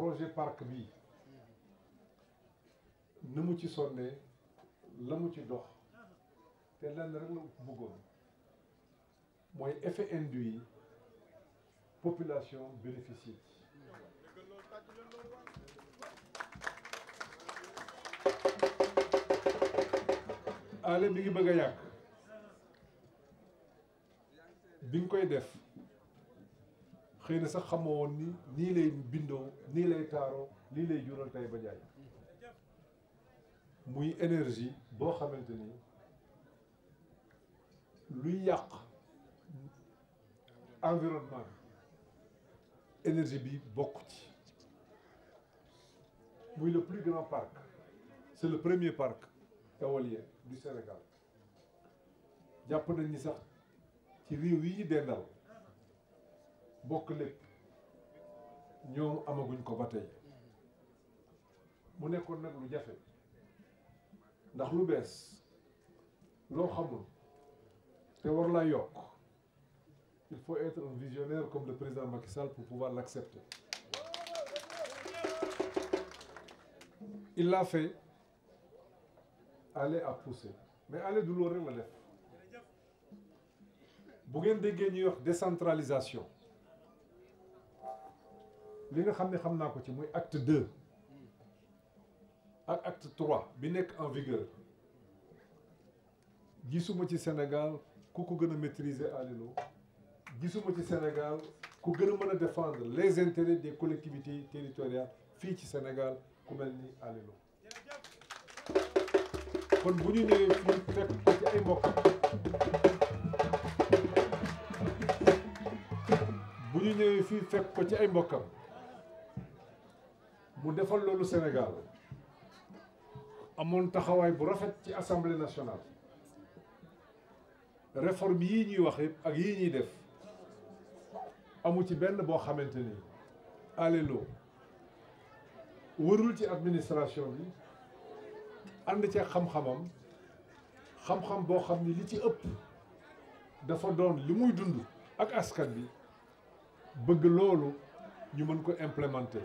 projet parc bi ni ci sonné lamu ci dox té lenn rek la bëggoon moy effet induit population bénéficie Allez, bi ngi bëgg a yàgg bi koy def xëy na sax xamoo woon ni nii lay bindoo nii lay taaroo lii lay jural Taïba Ndiaye muy énergie boo xamante ni luy yàq environnement énergie bi bokk ci muy le plus grand parc c'est le premier parc éolien du Sénégal jàpp nañ ni sax ci réew yi ñu dendal ñom amaguñ ko mu lu il faut être un visionnaire comme le président Macky Sall pour pouvoir l'accepter il l'a fait Allez à pousser mais allez douloureux ma def bu décentralisation li nga xam ne ko ci moy acte 2 ak acte 3 bi nek en vigueur gisuma ci Sénégal ku ko gën maîtriser alelo gisuma ci Sénégal ku gën a défendre les intérêts des collectivités territoriales fi ci Sénégal ku melni ni kon bu ñu ñëwee fii fekk ko ci ay mbokk bu ñu ñëwee fii fekk ko ci ay mbokkam mu defal loolu Sénégal amoon taxawaay bu rafet ci assemblée nationale réforme yii ñuy wax yëpp ak yii ñuy def amu ci benn boo xamante ni alelo wërul ci administration bi ànd ci xam-xamam xam-xam ni li ci ëpp dafa doon li dund ak askan bi bëgg ñu ko implémenter.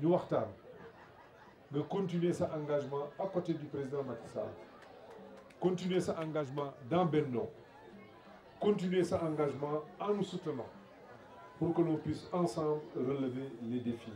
Nous de continuer sa engagement à côté du président Macky continuer son engagement dans Benno continuer son engagement en nous soutenant pour que nous puissions ensemble relever les défis.